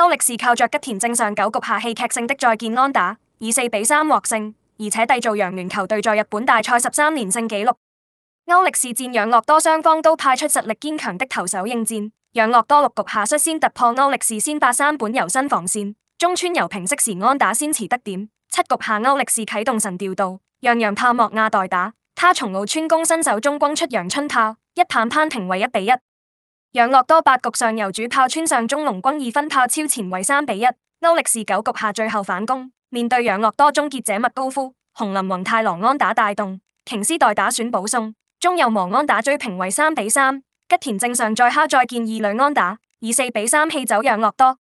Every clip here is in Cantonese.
歐力士靠着吉田正尚九局下戲劇性的再見安打，以四比三獲勝，而且締造洋聯球隊在日本大賽十三連勝紀錄。歐力士戰養樂多，雙方都派出實力堅強的投手應戰。養樂多六局下率先突破歐力士先發三本由伸防線，中村悠平適時安打先馳得點。七局下歐力士啟動神調度，讓洋炮莫亞代打，他從奧川恭伸手中轟出陽春炮，一探扳平為一比一。養樂多八局上由主炮村上宗隆轟二分炮超前為三比一。歐力士九局下最後反攻，面對養樂多終結者麥高夫，紅林宏太郎安打帶動，瓊斯代打選保送，宗佑磨安打追平為三比三。吉田正尚再敲再見二壘安打，以四比三氣走養樂多。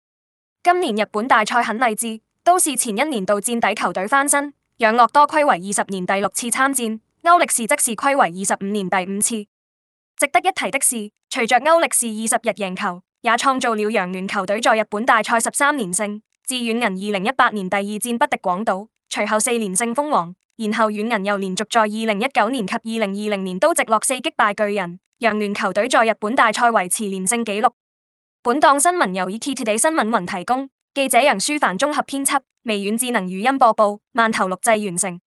今年日本大賽很勵志，都是前一年度墊底球隊翻身。養樂多睽違二十年第六次參戰，歐力士則是睽違二十五年第五次。值得一提的是，隨着歐力士二十日贏球，也創造了洋聯球隊在日本大賽十三連勝。自軟銀二零一八年第二戰不敵廣島，隨後四連勝封王，然後軟銀又連續在二零一九年及二零二零年都直落四擊敗巨人，洋聯球隊在日本大賽維持連勝紀錄。本檔新聞由以、e、k t v 新聞雲提供，記者楊舒凡綜合編輯，微軟智能語音播報，萬頭錄製完成。